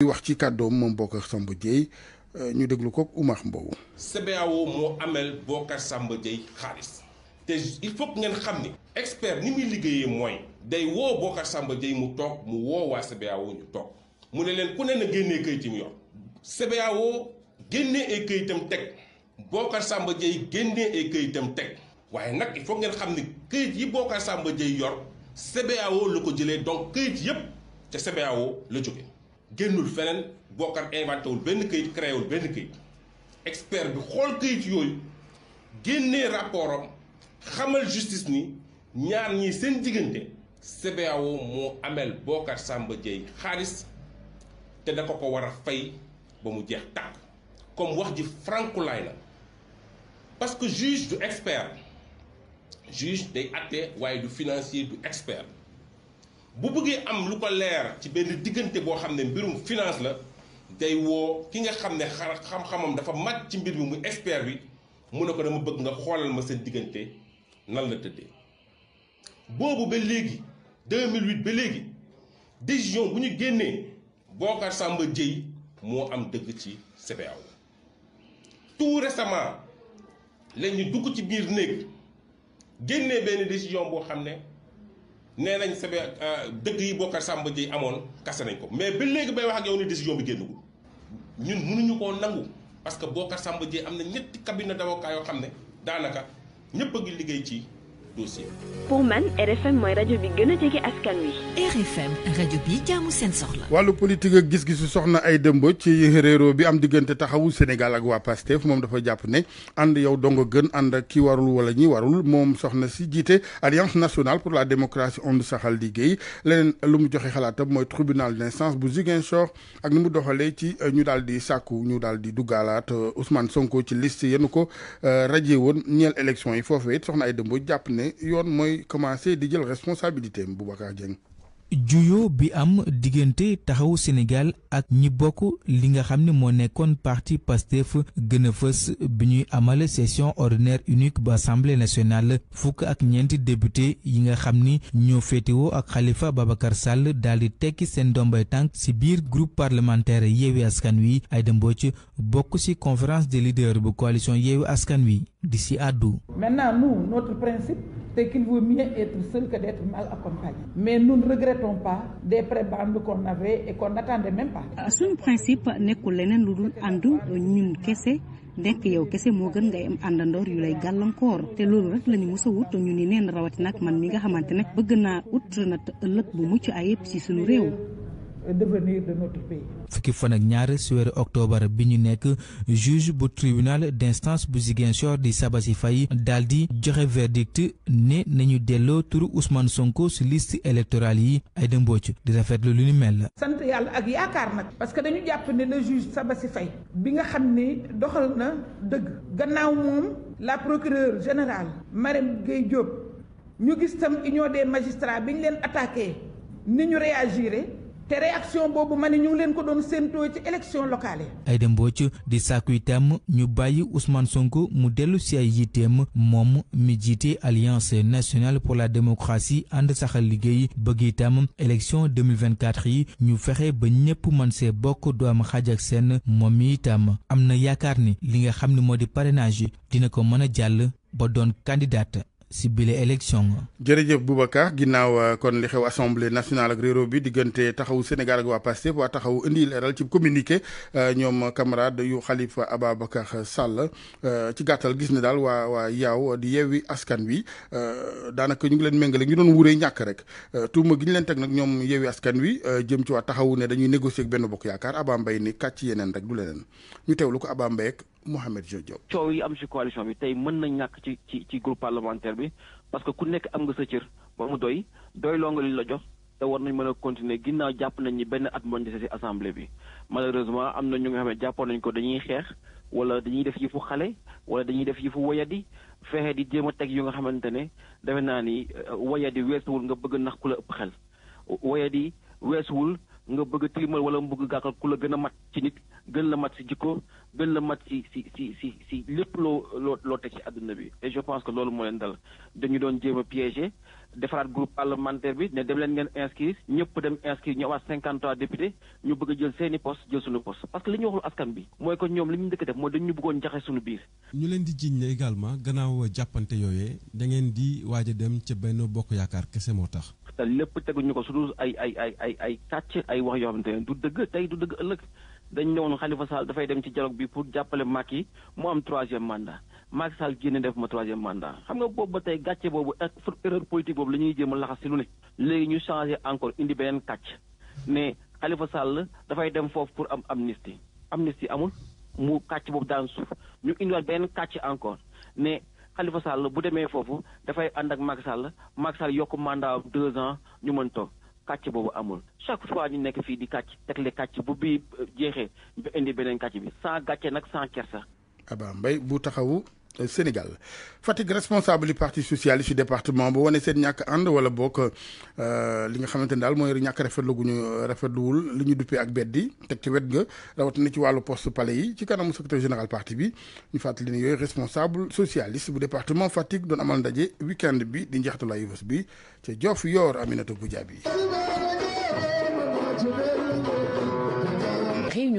di wax ci kàddoom moom Bocar Samba Dièye euh, ñu déglu ko Oumar Mbow. CBAO moo amel Bocar Samba Dièye xaalis te il faut ngeen xam ni. expert ni muy liggéeyee mooy. day woo Bocar Samba Dièye mu toog mu woowaa waa CBAO ñu toog mu ne leen ku ne na génnee këyit mu yor CBAO génnee ay këyitam teg Bocar Samba Dièye génnee ay këyitam teg waaye nag il faut ngeen xam ni këyit yi Bocar Samba Dièye yor CBAO la ko jëlee donc këyit yépp ca CBAO la génnul feneen Bokar inventé benn këyit créé wul benn këyit expert bi xool këyit yooyu génnee rapport xamal justice ni ñaar ñi seen diggante CBAO moo amel Bokar Samba Dieye xaalis te da ko ko war a fay ba mu jeex tàkk comme wax ji frankulaay la parce que juge du expert juge day atte waaye du financier du expert bu bëggee am lu ko leer ci benn diggante boo xam ne mbirum finance la day woo ki nga xam ne xam-xamam dafa màcc ci mbir mi mu expert bi mu ne ko dama bëgg nga xoolal ma seen diggante nan la tëddee. boobu ba léegi 2008 ba léegi décision bu ñu génnee Bocar Samba Dièye moo am dëgg ci CBAO tout récemment la ñu dugg ci biir néeg génnee benn décision boo xam ne. nee nañ sabe euh, dëgg yi Bocar Samba Dièye amoon kase nañ ko mais bi léegi bay wax ak yow ni décision bi génnagul ñun mënuñu koo nangu parce que Bocar Samba Dièye am na ñetti cabinet d'avocat yoo xam ne daanaka ñëpp a gi liggéey ci dossier. pour man RFM mooy rajo bi gën a jege askan wi. RFM rajo bi jaamu seen soxla. wàllu politique ak gis-gisu soxna ay dëmb ci réeróo bi am diggante taxawu Sénégal ak waa PASTEF moom dafa jàpp ne ànd yow dong gën ànd ak ki warul wala ñi warul moom soxna si jiite alliance nationale pour la démocratie Ànd Saxal Liggéey leneen lu mu joxe xalaatam mooy tribunal d'instance bu Ziguinchor ak ni mu doxalee ci euh, ñu dal di sàkku ñu daal di duggaalaat euh, Ousmane Sonko ci liste yenn ko euh, ne yoon mooy commencé di jël responsabilité am Boubacar Dieng. bi am diggante taxawu Sénégal ak ñi bokk li nga xam ne moo nekkoon parti Pastef gën a fës bi ñuy amal session ordinaire unique ba assemblée nationale fukk ak ñeenti député yi nga xam ni ñoo féetewoo ak xalifa Babacar Sall daal di tekki seen ndombay tànk ci biir groupe parlementaire Yewwi Askan Wi Aïda Mbodj bokk ci conférence de leaders bu coalition Yewwi Askan Wi. di si àddu. maintenant nous notre principe c'est qu'il vaut mieux être mais nous ne regrettons pas des prébendes qu'on avait et qu'on n'attendait même pas. Ah, suñu nekkul leneen lu dul àndu ñun kese. nekk yow kese moo gën ngay am àndandoor yu lay gàllankoor te loolu rek la ñu mës a wut ñu ni neen rawatina ak man mi nga xamante ne bëgg naa ut nat ëllëg bu mucc ayib ci suñu réew. devenir fan ak ñaar si weeru bi ñu nekk juge bu tribunal d'instance bu Ziguinchor di Sabasy Faye daal di joxe verdict ne nañu delloo turu Ousmane Sonko si liste électorale yi Aïda Mbodj di rafetlu lu ni mel. sant yàlla ak yaakaar nag. parce que dañu jàpp ne le juge Sabasy Faye bi nga xam ni doxal na dëgg. gannaaw moom la procureure générale Marème Gueye Diop ñu gis tam union des magistrats bi ñu leen attaqué ni ñu réagiré. te réaction boobu ma ne ñu leen ko doon séentoo ci élection locale yi. Aïda Mbodj di sàkku itam ñu bàyyi Ousmane Sonko mu dellu si ay yitteem moom mi jiite alliance nationale pour la démocratie ànd saxal liggéey bëgg itam élection 2024 yi ñu fexe ba ñëpp man see bokk doom am xaaj ak seen moom itam am na yaakaar ni li nga xam ne moo di parrainage yi dina ko mën a jàll ba doon candidate. si bile élection. jërëjëf Boubacar ginnaaw euh, kon li xew assemblée nationale ak réeróo bi diggante taxawu Sénégal ak waa Pastef waa taxawu indi leeral ci communiqué euh, ñoom camarade yu xalifa Khalifa Ababacar Sall euh, ci gàttal gis ne daal waa waa yaaw di yeewi askan wi daanaka ñu ngi leen méngale ñu doon wuuree ñàkk rek tuuma gi ñu leen teg nag ñoom yeewi askan wi jëm ci waa taxawu ne dañuy négocier ak benn bokk yaakaar Aba Mbaye ni kàcc yeneen rek du leneen ñu ko Aba Mbaye Mouhamed Diop. coow yi am ci coalition bi tey mën na ñàkk ci ci ci groupe parlementaire bi parce que ku nekk am nga sa cër ba mu doy doy loo nga li la jox te war nañ mën a continuer ginnaaw jàpp nañ ni benn at moo ñu ci assemblée bi malheureusement am na ñu nga xam ne jàppoon nañ ko dañuy xeex wala dañuy def yëfu xale wala dañuy def yëfu woyadi fexe di jéem a teg yu nga xamante ne defe naa ni euh, woyadi weesuwul nga bëgg nax ku la ëpp xel woyadi weesuwul. nga bëgg a tilimal wala mu bëgg gàkkal ku la gën a mat ci nit gën la mat si jikko gën la mat si si si si lépp loo loo loo teg ci àdduna bi e je pense que loolu moo leen dal dañu doon jéem a piégé defaraat groupe parlementaire bi ne dem leen ngeen inscrire ñëpp dem inscrire ñëwaat cinquante trois députés ñu bëgg jël seeni poste jël suñu poste parce que li ñu waxul askan bi mooy que ñoom li ñu njëkk def mooy dañu bëggoon jaxe suñu biir ñu leen di jiñ la également gannaaw jàppante yooyee da di waaj a dem ca benn bokk yaakaar kese moo tax te lépp teguñu ko surtout ay ay ay ay ay kàcc ay wax yoo xamante du dëgg tey du dëgg ëllëg dañ ne woon Khalifa Sall dafay dem ci dialogue bi pour jàppale yi mu am troisième mandat Macky Sall génne def ma troisième mandat xam nga boobu ba tey gàcce boobu ak erreur politique boobu lañuy ñuy jéem a laxas lu ne. léegi ñu changé encore indi beneen kàcc ne Khalifa Sall dafay dem foofu pour am amnistie amnistie amul mu kàcc boobu daan suuf ñu indiwaat beneen kàcc encore ne. Khalifa Sall bu demee foofu dafay ànd ak Macky Sall Macky Sall yokk mandat deux ans ñu mën toog kàcc boobu amul chaque fois ñu nekk fii di kàcc tegle kàcc bu bii jeexee ba indi beneen kàcc bi saa gàcce nag sans kersa. Aba Mbaye bu taxawu. Sénégal Fatick responsable du parti socialiste ci département ba wane seen ñàkk ànd wala bokk euh, li nga xamante ne daal mooy ñàkk rafetlu gu ñu rafetluwul li ñu duppee ak beddi teg ci wet nga ga rawatina ci wàllu poste pale yi ci kanamu secrétaire général parti bi ñu fàttali ne yooyu responsable socialiste bu département Fatick doon amal ndaje week bi di ay bés bi ca Diofior Aminata Goudiaby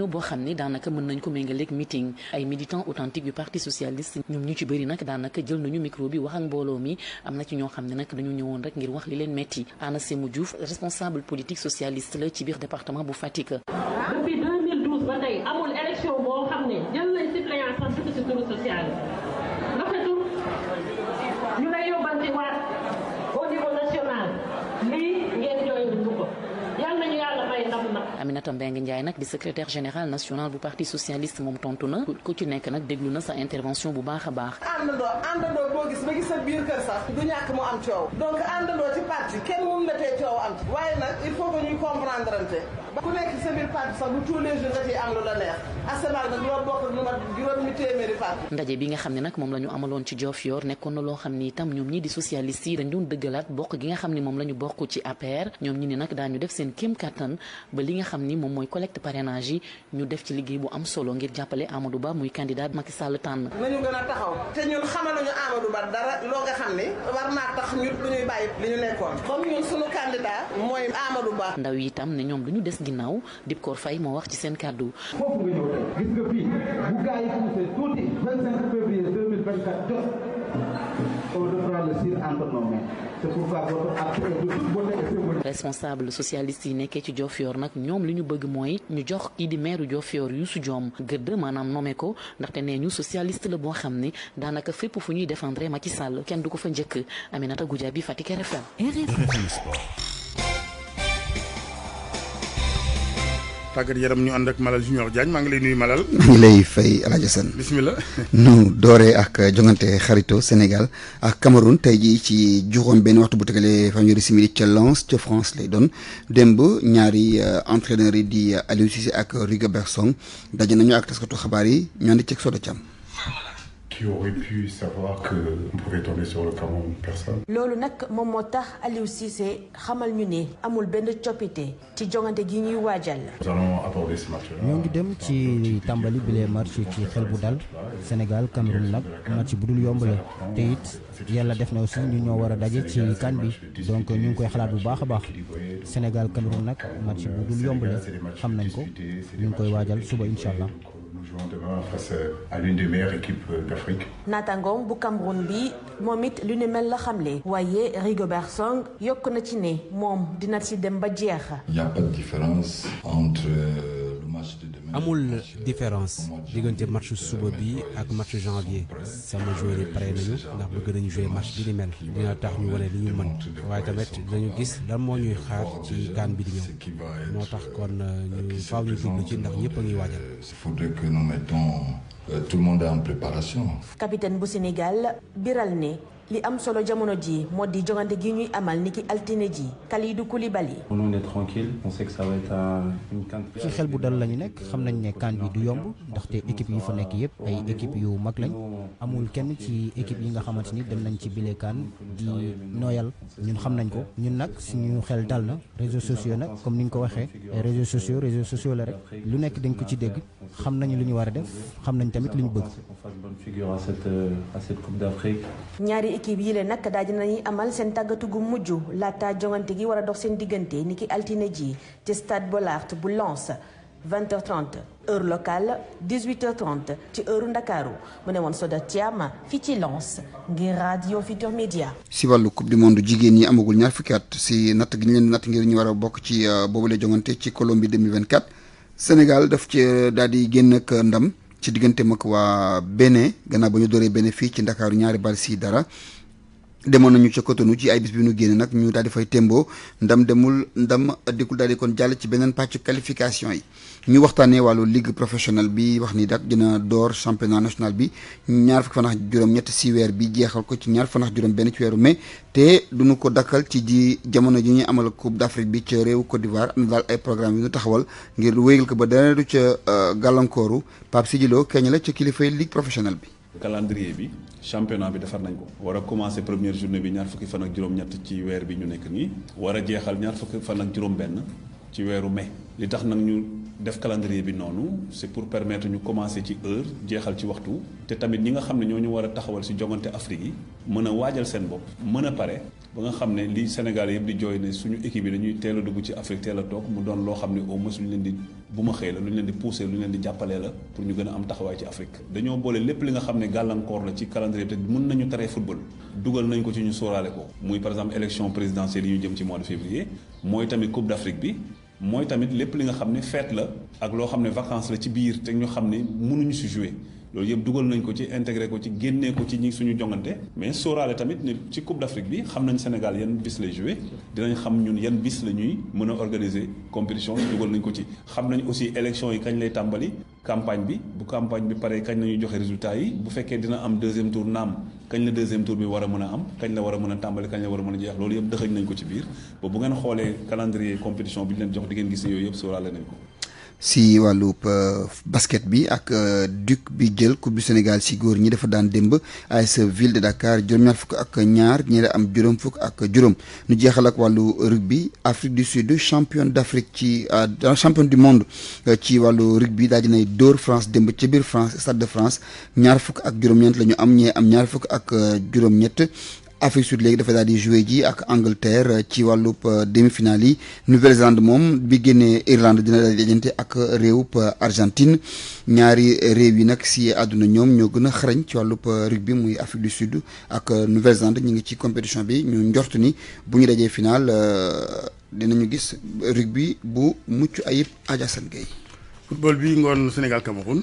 boo xam ne daanaka mën nañ ko méngaleeg meeting ay militants authentiques yu parti socialiste ñu ci bëri nag daanaka jël nañu micro bi wax ak mbooloo mi am na ci ñoo xam ne nag dañu ñëwoon rek ngir wax li leen metti mu Diouf responsable politique socialiste la ci biir département bu Fatick. Aminata Mbengue Ndiaye nag di secrétaire général national bu parti socialiste moom tontu na ku ci nekk nag déglu na sa intervention bu baax a baax. àndandoo àndandoo boo gis ba gis biir kër sax du ñàkk mu am coow donc àndandoo ci parti kenn mun na tee coow am waaye nag il faut que ñuy comprendre ku nekk sa biir sax bu tous les nga ciy am lu la neex asamaan nag loo bokk lu mat juróomi téeméeri parti ndaje bi nga xam ne nag moom lañu amaloon ci Diofior nekkoon na loo xam ni itam ñoom ñi di socialiste yi dañ doon dëggalaat bokk gi nga xam ni moom la ñu bokk ci APR ñoom ñi nag daañu def seen kéem kattan ba li nga xam ni moom mooy collecte parrainage ñu def ci liggéey bu am solo ngir jàppale Amadou Ba muy candidat Macky Sall tànn nañu gën a taxaw te ñun xamaluñu Amadou Ba dara loo nga xam ni war naa tax ñu duñuy bàyyi li ñu nekkoon comme ñun suñu candidat mooy Amadou Ba ndaw ginnaaw Dibkor fay moo wax ci seen kàddu. foofu nga yi responsable socialiste yi nekkee ci Diofior nag ñoom li ñu bëgg mooy ñu jox kii di maire Diofior Youssou Diom gëdd maanaam nommé ko ndaxte nee ñu socialiste la boo xam ne daanaka fépp fu ñuy ma ci Sall kenn du ko fa njëkk Aminata Goudia bi Fatick RFM tàggat yaram ñu ànd ak Malal Junior Diagne maa ngi lay nuyu Malal. ñu ngi lay fay El Hadj bisimilah. nu dooree ak jongante xarito Sénégal ak Cameroun tey jii ci juróom benn waxtu bu tegalee fanweeri simili ca Lens ca France lay doon démb ñaari euh, entraîneurs yi di Aliou Cissé ak Rigobert Song daje nañu ak taskatu xabaar yi ñu ànd ceeg Soda Thiam. qui aurait loolu nag moom moo tax Aliou Cissé xamal ñu ne amul benn coppite ci jongante gi ñuy waajal. nous ñoo ngi dem ci tàmbali bile match ci xel bu dal Sénégal Cameroun nag match bu dul yomb la te it yàlla def na aussi ñu ñoo war a daje ci kan bi donc ñu ngi koy xalaat bu baax a baax Sénégal Cameroun nag match bu dul yomb la xam nañ ko ñu ngi koy waajal suba incha allah. Nous jouons demain face euh, à l'une des meilleures équipes euh, d'Afrique. naataangoom bu Cameroun bi moom it lu ne mel la xamle. waaye Rigobert Song yokk na ci ne moom dina ci dem ba jeex. y a pas de différence entre. Euh, amul différence diggante match suba bi ak match janvier sama joueur pare nañu ndax bëgg nañu jouer match bi ni mel dina tax ñu wane li ñu mën waaye tamit dinañu gis lan moo ñuy xaar ci kaan bi di ñëw moo tax kon euh, ñu faaw ñu jublu ci ndax ñëpp a ngi waajal euh, tout bu Sénégal biral ne li am solo jamono ji moo di jogante gi ñuy amal niki altine ji Kalidou Koulibaly. on est tranquille on euh, ci xel bu dal la ñu nekk xam nañ ne kan bi du yomb ndaxte équipe yi fa nekk yëpp ay équipe yu mag lañ amul kenn ci équipe yi nga xamante ni dem nañ ci bile kan di noyal ñun xam nañ ko ñun nag ñu xel dal na réseaux sociaux nag comme ni nga ko waxee réseaux sociaux réseaux sociaux la rek lu nekk dañ ko ci dégg xam nañu lu ñu war a def xam nañ tamit lu ñu bëgg. Euh, ñaari équipe yi leen nag daal di nañuy amal seen tàggatu gu mujj laata jongante gi war a dox seen diggante ni ki altine ji ci stade Bollaert bu Lens 20h30 heure locale 18h30 ci heure Ndakaaru mu ne woon Soda Thiam fii ci Lens ngir radio Futurs Médias. si wàllu coupe du monde jigéen ñi amagul ñaar fukki si natt gi ñu leen natt ngir ñu war a bokk ci euh, boobule jongante ci Colombie 2024 Sénégal daf ci daal di génn ak ndam. ci diggante mag waa Bénin gannaaw ba ñu dooree Bénin ci Ndakaaru ñaari bal si dara demoon nañu ca Cotonou ci ay bis bi ñu génne nag ñu daal di fay témboo ndam demul ndam dikkul daal kon jàll ci beneen pàcc qualification yi ñu waxtaanee wàllu ligue professionnelle bi wax ni dak dina door championnat national bi ñaar fukki fan ak juróom si weer bi jeexal ko ci ñaar fukki juróom-benn ci weeru mai te duñu ko dakkal ci jamono ji ñuy amal coupe d'Afrique bi ca réew Côte d'Ivoire am ay programme yu ñu taxawal ngir wéyal ko ba dara du ca euh, gàllankooru Pape Sidhi Lo keñ la ca kilifay ligue professionnelle bi. calendrier bi championnat bi defar nañ ko war a commencer première bi ñaar fukki fan juróom-ñett ci weer bi ñu nekk nii a jeexal ñaar fan ak juróom-benn ci weeru mai li tax nag ñu def calendrier bi noonu c'est pour permettre ñu commencer ci heure jeexal ci waxtu te tamit ñi nga xam ne ñoo ñu war a taxawal si jongante Afrique yi mën a waajal seen bopp mën a pare ba nga xam ne li Sénégal yëpp di jooy ne suñu équipe yi dañuy teel a dugg ci Afrique teel a toog mu doon loo xam ne au moins lu ñu leen di bu ma xëy la lu ñu leen di pousser lu ñu leen di jàppalee la pour ñu gën a am taxawaay ci Afrique dañoo boole lépp li nga xam ne gàllankoor la ci calendrier bi te mën nañu taree football dugal ko ci ñu sóoraale ko muy par exemple élection présidentielle yi ñu jëm mois de février mooy tamit Coupe bi mooy tamit lépp li nga xam ne fête la ak loo xam ne vacances la ci biir te ñu xam ne mënuñu si jouer loolu yëpp dugal nañ ko ci intégré ko ci génnee ko ci ñi suñu jongante mais sóoraale tamit ne ci Coupe d'Afrique bi xam nañ Sénégal yan bis lay joué dinañ xam ñun yan bis la ñuy mën a organiser compétition dugal nañ ko ci xam nañ aussi élection yi kañ lay tàmbali campagne bi bu campagne bi paree kañ la ñuy joxe résultat yi bu fekkee dina am deuxième tour naam kañ la a a a a tàmbali a a jeex loolu yëpp dëxëñ nañ ko ci biir ba bu ngeen xoolee calendrier compétition bi ñu leen jox di gis yooyu yëpp sóoraale nañ ko si wàllub euh, basket bi ak euh, duc bi jël coupe du Sénégal si góor ñi dafa daan démb AS Ville de Dakar juróom-ñaar fukk ak ñaar ñi am juróom fukk ak juróom nu jeexal ak wàllu rugby Afrique du Sud champion d'Afrique ci euh, champion du monde ci wàllu rugby daal dinay dóor France démb ci biir France Stade de France ñaar fukk ak juróom-ñeent la ñu am ñee am ñaar fukk ak juróom-ñett Afrique Sud léegi dafa daal di joué ji ak Angleterre ci wàllub euh, demi-finale yi Nouvelle-Zélande moom bi génnee Irlande dina daal di dajante ak réewub euh, Argentine ñaari réew yi nag si àdduna ñoom ñoo gën a xarañ ci wàllub euh, rugby muy Afrique du Sud ak Nouvelle-Zélande ñu ngi ci compétition bi ñu njort ni bu ñu dajee final dina ñu gis rugby bu mucc ayib Ajasan Gueye. football bi ngoon Sénégal Cameroun.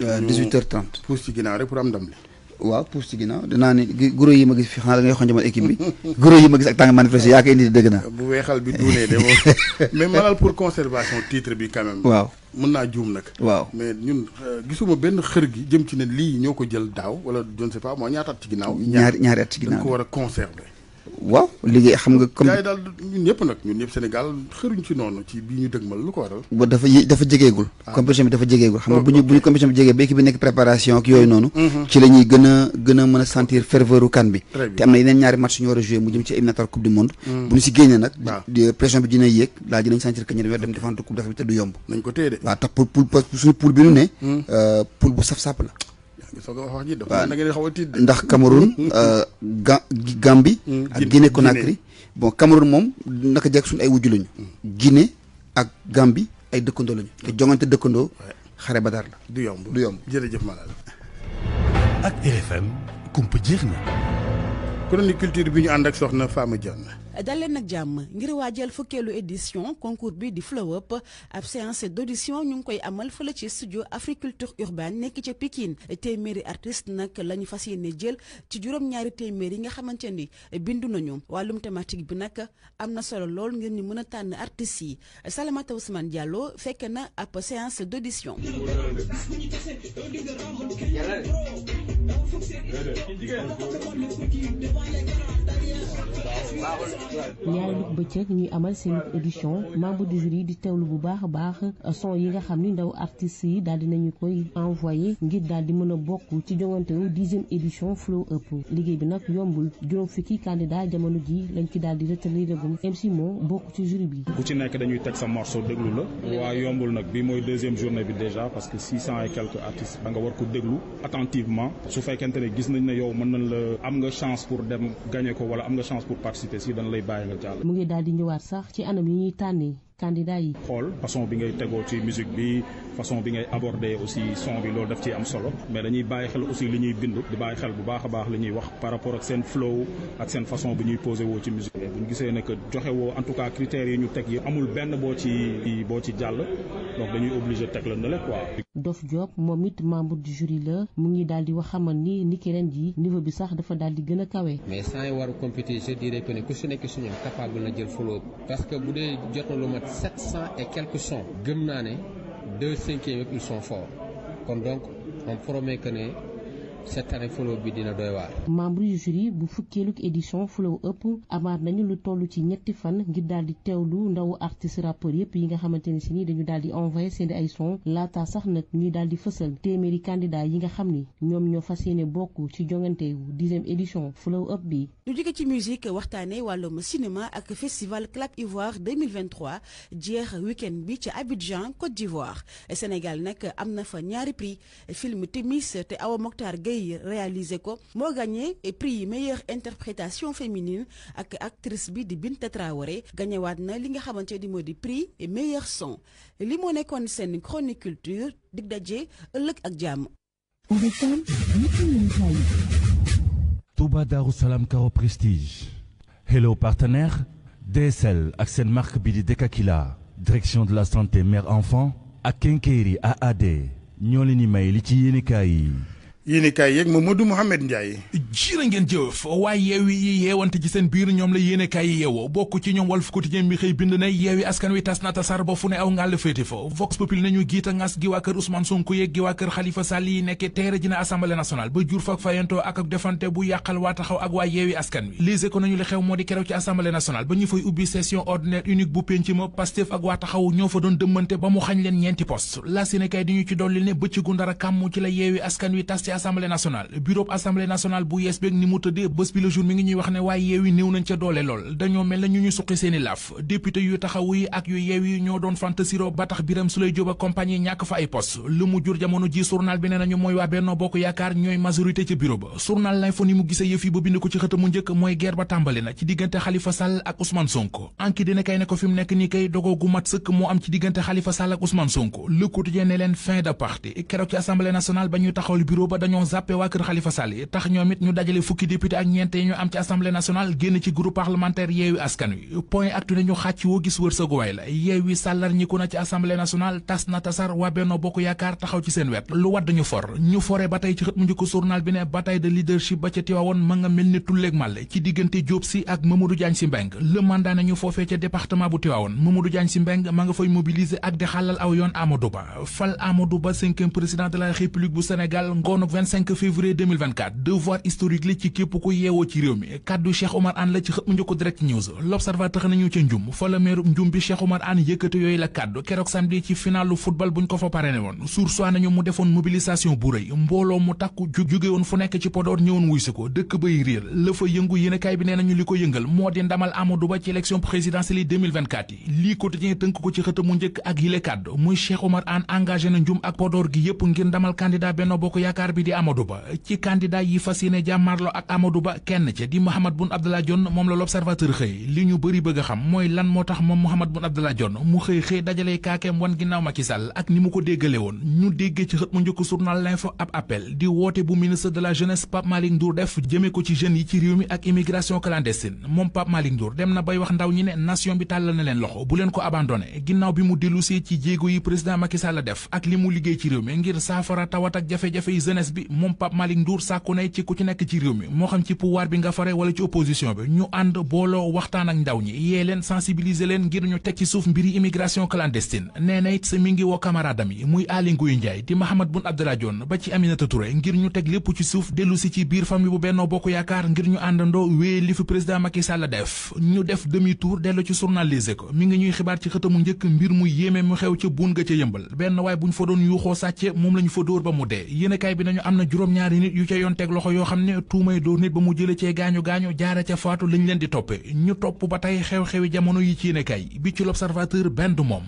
18h30 pousse ci ginnaaw rek pour am ndam li waaw pousse ci ginnaaw dinaa ne guro yi ma gis fi xanaa da ngay xonjamal bi guro yi ma gis ak tàng manifesté yaa ko indi dëgg na bu weexal bi duunee de moom mais maanaam pour conservation tiitre bi quand waaw mën naa juum nag waaw mais ñun euh, gisuma benn xër gi jëm ci ne lii ñoo ko jël daaw wala je ne sais pas moo ñaata ci ginnaaw ñaari ñaari at ci ginnaaw dañ ko war a conserver waaw liggéey xam nga comme yaay daal ñun ñëpp nag ñun Sénégal xëruñ ci noonu ci bii ñu dëgmal lu ko waral. ba dafa dafa jegeegul. Ah. compétition bi dafa jegeegul. xam nga oh, bu ñu bu ñu compétition bi jegee ba équipe bi mm-hmm. a bi. te na mm. nag. Ah. pression bi dina yéeg daal dinañ sentir que ñeneen dem défendre coupe d'Afrique du yomb. nañ ko téye de. waaw suñu poule bi ñu ne. Mm. Euh, poule bu saf-sàpp la ndax Cameroun euh, ga Gambie hmm, ak Guinée Conakry bon Cameroun moom naka jekk suñu ay wujju lañu hmm. Guinée ak Gambie ay dëkkandoo lañu te hmm. jongante dëkkandoo xare badar la du yomb du yomb jërëjëf Malal ak RFM kumpa jeex na bi ñu ànd ak dal leen nag jàmm ngir waajal fukkeelu édition concours bi di Flow Up ab séance dodition ñu ngi koy amal fële ci studio Africulture urbaine nekk ca Pikine téeméeri artiste nag la ñu fas yéene jël ci juróom-ñaari téeméer yi nga xamante ni bindu nañu wàllum thématique bi nag am na solo lool ngir ñi mën a tànn artistes yi Salamata Ousmane Diallo fekk na ab séance d'audition ñaari dugg bëccëg ñuy amal seen édition membre du jury di teewlu bu baax a baax son yi nga xam ni ndaw artistes yi daal dinañu koy envoyé ngir daal di mën a bokk ci jongantewu dixième édition flow ëpp liggéey bi nag yombul juróom fukki candidat jamono ji lañ ci daal di retenir gum MC Mo bokk ci jury bi ku ci nekk dañuy teg sa morceau déglu la waa yombul nag bi mooy deuxième journée bi déjà parce que six cent et nga war ko déglu attentivement su fekk fekkente ne gis nañ ne yow mën nañ la am nga chance pour dem gagné ko wala am nga chance pour participer si dañ lay bàyyi nga jàll. mu ngi daal di ñëwaat sax ci anam yi ñuy tànnee candidat yi. xool façon bi ngay tegoo ci musique bi façon bi ngay aborder aussi son bi loolu daf ci am solo mais dañuy bàyyi xel aussi li ñuy bind di bàyyi xel bu baax a baax li ñuy wax par rapport ak seen flow ak seen façon bi ñuy posé woo ci musique bu ñu gisee ne que joxe woo yi ñu teg yi amul benn boo ci jàll donc dañuy obligé teg la ne la quoi. Dof Diop moom it membre du la mu ngi daal di wax xamal ni ni a kawe. mais sans waru compété sept cent et quelques sons gëm naa ne deux cinquièmes yëpp ils kon donc on promet que ne cette année flow bi dina doy waar. membre yu bu fukkeelu édition flow ëpp amaat nañu lu toll ci ñetti fan ngir daal di teewlu ndawu artiste rappeur yëpp yi nga xamante ne si ni dañu daal di envoyé seen ay son laata sax nag ñuy daal di fësal téeméeri candidat yi nga xam ni ñoom ñoo fas yéene bokk ci jongante wu dixième édition flow ëpp bi. lu jóge ci musique waxtaanee wàllum cinéma ak festival Clap Ivoire 2023 jeex week-end bi ci Abidjan Côte d'Ivoire Sénégal nag am na fa ñaari prix film te Awa Mokhtar rëy réalisé ko moo gagné prix meilleure interprétation féminine ak actrice bi di Binta Traoré gagnéwaat na li nga xamante di moo di prix meilleur son li moo nekkoon seen chronique culture dig daje ëllëg ak jàmm. Touba Darou Salam Caro Prestige. Hello partenaire DSL ak seen marque bi di Dekakila direction de la santé mère enfant ak Kenkeri AAD ñoo leen di may li ci yéenekaay yi. yéen kaay yeeg Mamadou Mouhamed Ndiaye jiira ngeen jëf waaye yeewi yeewante ci seen biir ñoom la yéen kaay yi yeewoo bokk ci ñoom Walf Quotidien mi xëy bind ne yeewi askan fu ne aw ngàll féete fa nañu giita ngas gi waa kër Ousmane Sonko yeeg gi waa kër Khalifa Sall yi teere ji na Assemblée nationale ba jur fak fayantoo ak ak defante bu yàqal waa taxaw ak waa yeewi askan wi lise ko nañu li xew moo di kerew ci Assemblée nationale ba ñu fay ubbi session ordinaire unique bu penc assemblée nationale bureau bu assemblée nationale bu yees beeg ni mu tëddee bés bi le jour mi ngi ñuy wax ne waaye yeew yi néew nañ ca doole lool dañoo mel na ñu ñu suqi seen laaf député yu taxawu yi ak yu yeew yi ñoo doon fantasiro ba tax Birame Souleye Diop ak compagnie ñàkk fa ay lu mu jur jamono ji journal bi nee nañu mooy waa Benno Bokk Yaakaar ñooy majorité ca bureau ba journal L'Info ni mu gisee yëf yi ba bind ko ci xët njëkk mooy guerre ba tàmbali ba dañoo zappe waa kër Xalifa Sall tax ñoom it ñu dajale fukki député ak ñeent yi ñu am ci assemblée nationale génn ci groupe parlementaire yeewi askan wi point actu ne ñu xàcc woo gis wërsëgu waay la yeewi sàllar na ci assemblée nationale tas na tasar waa Benno Bokk Yaakaar taxaw ci seen wet lu wadd ñu for ñu fore bataille ci xët mu njëkk journal bi ne bataille de leadership ba ca Tivaouane ma nga mel ni tulleeg màlle ci diggante Diop Sy ak bisub 25 février 2024 devoir historique li ci képp ku yeewoo ci réew mi kàddu Cheikh Omar Anne la ci mu njëkk direct news l'observateur nañu ca njum fa njum bi Cheikh Omar Anne yëkkate yooyu la kàddu keroog samedi ci finalu football buñ ko fa parrainé woon source nañu mu defoon mobilisation bu rëy mbooloo mu takku jóge woon fu nekk ci Podor ñëwoon wuy si ko dëkk bay réer la fa yëngu yéenekaay bi nee nañu li ko yëngal moo di ndamal Amadou Ba ci élection présidentielle yëpp ngir ndamal candidat Benno Bokk Yaakaar bi di Amadou Ba ci candidat yi fas yéene ak a ni mu ko déggale woon ñu déggee ci xët mu njëkk journal ab appel di woote bu ministre de la jeunesse Pape Malick def jëmee ko ci jeunes yi ci réew mi ak immigration clandestine moom Pape Malick dem na bay wax ndaw ñi ne nation bi tàllal na leen loxo bu leen ko abandonné ginnaaw bi mu dellusee ci jéego yi président Macky Sall def ak li mu liggéey ci réew mi ngir saafara tawat ak jafe-jafe yi jeunesse presse bi moom Pape Malick Ndour sàkku nay ci ku ci nekk ci réew mi moo xam ci pouvoir bi nga fare wala ci opposition bi ñu ànd booloo waxtaan ak ndaw ñi yee leen sensibiliser leen ngir ñu teg ci suuf mbiri immigration clandestine nee na sa mi ngi woo camarade yi muy Aly Ngouille Ndiaye di Mahammed Boun Abdallah Dionne ba ci Aminata Touré ngir ñu teg lépp ci suuf dellu si ci biir famille bu Benno Bokk Yaakaar ngir ñu àndandoo wéye li fi président Macky Sall def ñu def demi tour dellu ci journaliser ko mi ngi ñuy xibaar ci xëtamu njëkk mbir mu mu xew ca buun ga ca yëmbal benn waay buñ fa doon yuuxoo sàcce moom lañu fa dóor ba mu nañu am na juróom-ñaari nit yu ca yoon teg loxo yoo xam ne tuumay dóor nit ba mu jële cee gaañu gaañu jaara ca faatu lañ leen di toppe ñu topp ba tey xew-xewi jamono yi ci yéene kay bi ci l'observateur benn du moom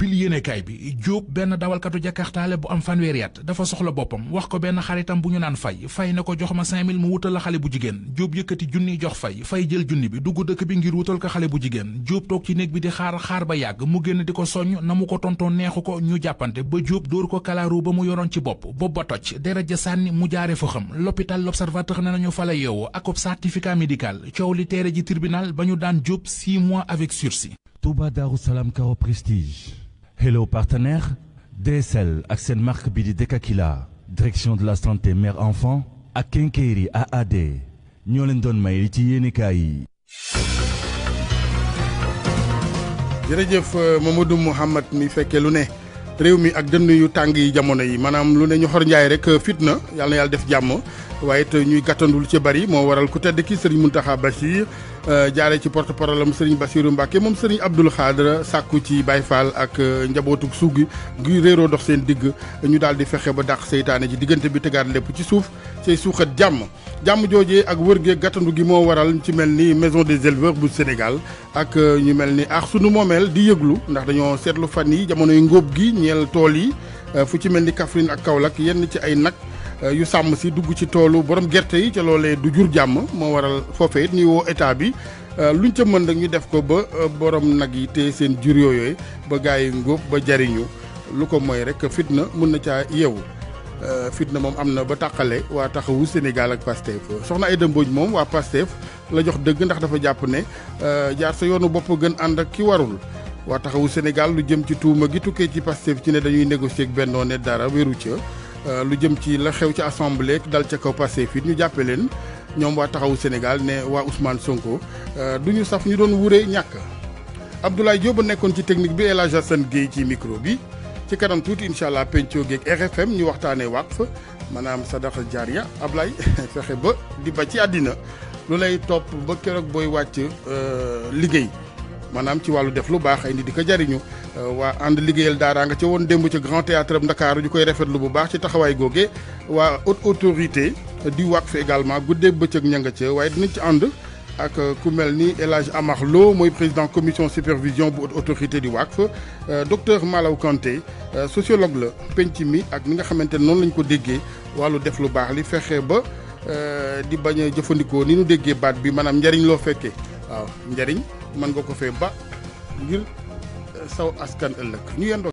pil yéenekaay bi Jóob benn dawalkatu jakartaale bu am fanweeri dafa soxla boppam wax ko benn xaritam bu ñu naan fay fay na ko jox ma 5000 mu wutal la xale bu jigéen Jóob yëkkati junni jox fay fay jël junni bi dugg dëkk bi ngir wutal ko xale bu jigéen Jóob toog ci néeg bi di xaar xaar ba yàgg mu génn di ko soññ na mu ko tontoon neexu ko ñu jàppante ba Jóob dóor ko kalaaru ba mu yoroon ci bopp bopp ba toj deret ja sànni mu jaare fa xam l'hôpital l'observateur ne nañu fa la yeewoo akob certificat médical coow li ji tribunal ba ñu daan Jóob 6 mois avec sursis Touba Darou Salam Caro Prestige hello partenaire DSL ak seen marque bi di Dekakila direction de la santé mère enfant ak Kenkeyri AAD ñoo leen doon may ci yéenekaay yi. jërëjëf euh, Mamadou Mouhamed mi fekkee lu ne réew mi ak dënn yu tàng yi jamono yi maanaam lu ne ñu xor njaay rek euh, fitna yàlla yàlla def jàmm. waaye te ñuy gàttandul ci bari moo waral ku tedd ki sëriñ Mountakha Bachir euh, jaaree ci porte parole am sëriñ Bassirou Mbacke moom sëriñ Abdoul Khadra sàkku ci Baye Fall ak euh, njabootug suug gi gi réeroo dox seen digg ñu daal di fexe ba dàq seytaane ji diggante bi tegaat lépp ci suuf ci suuxat jàmm jàmm joojee ak wër gee gi moo waral ci mel ni maison des éleveurs bu Sénégal ak euh, ñu mel ni ax sunu moomeel di yëglu ndax dañoo seetlu fan yi jamonoy ngóob gi ñeel tool yi fu ci mel ni Kaffrine ak Kaolack yenn ci ay nag Euh, yu sàmm si dugg ci toolu borom gerte yi ca loolee du jur jàmm moo waral foofee it ñuy woo état bi euh, luñ ca mën rek ñu def ko ba euh, borom nag yi te seen jur yooyu ba gars yi ba jariñu lu ko moy rek fitna mën na caa yeewu. fitna moom am na ba tàqale waa taxawu Sénégal ak Pastef soxna Aïda Mbodj moom waa Pastef la jox dëgg ndax dafa jàpp ne jaar sa yoonu bopp a gën ànd ak ki warul. waa taxawu Sénégal lu jëm ci tuuma gi tukkee ci Pastef ci ne dañuy négocier ak Benno ne dara wéru ca. Euh, lu jëm ci la xew ci assemblée dal ca kaw Pastef fi ñu jàppe leen ñoom waa taxawu Sénégal ne waa Ousmane Sonko euh, du ñu saf ñu doon wure ñàkk Abdoulaye ba nekkoon ci technique bi El Hadj Assane Guèye ci micro bi ci kanam tuuti incha allah pencoo geeg RFM ñu waxtaanee waqf maanaam sadaxa jaariya Ablaye fexe ba di ba ci àddina lu lay topp ba keroog booy wàcc euh, liggéey. maanaam ci wàllu def lu baax ay ni di ko jariñu euh, waa ànd liggéeyal daara nga ca woon démb ca grand théâtre am Ndakaaru ñu koy rafetlu bu baax ci taxawaay googe waa haute autorité di wàqf également guddee bëccëg ña nga ca waaye dinañ ci ànd ak euh, ku mel ni El Hadj Amar mooy président commission supervision bu haute autorité di wàqf euh, docteur Malaw Kanté sociologue la penc mi ak ni nga xamante ne noonu lañ ko déggee wàllu def lu baax li fexe ba di bañ a jëfandikoo ni ñu déggee baat bi maanaam njariñ loo fekkee njariñ mën nga ko fee ba ngir eh, saw askan ëllëg ñu yendoo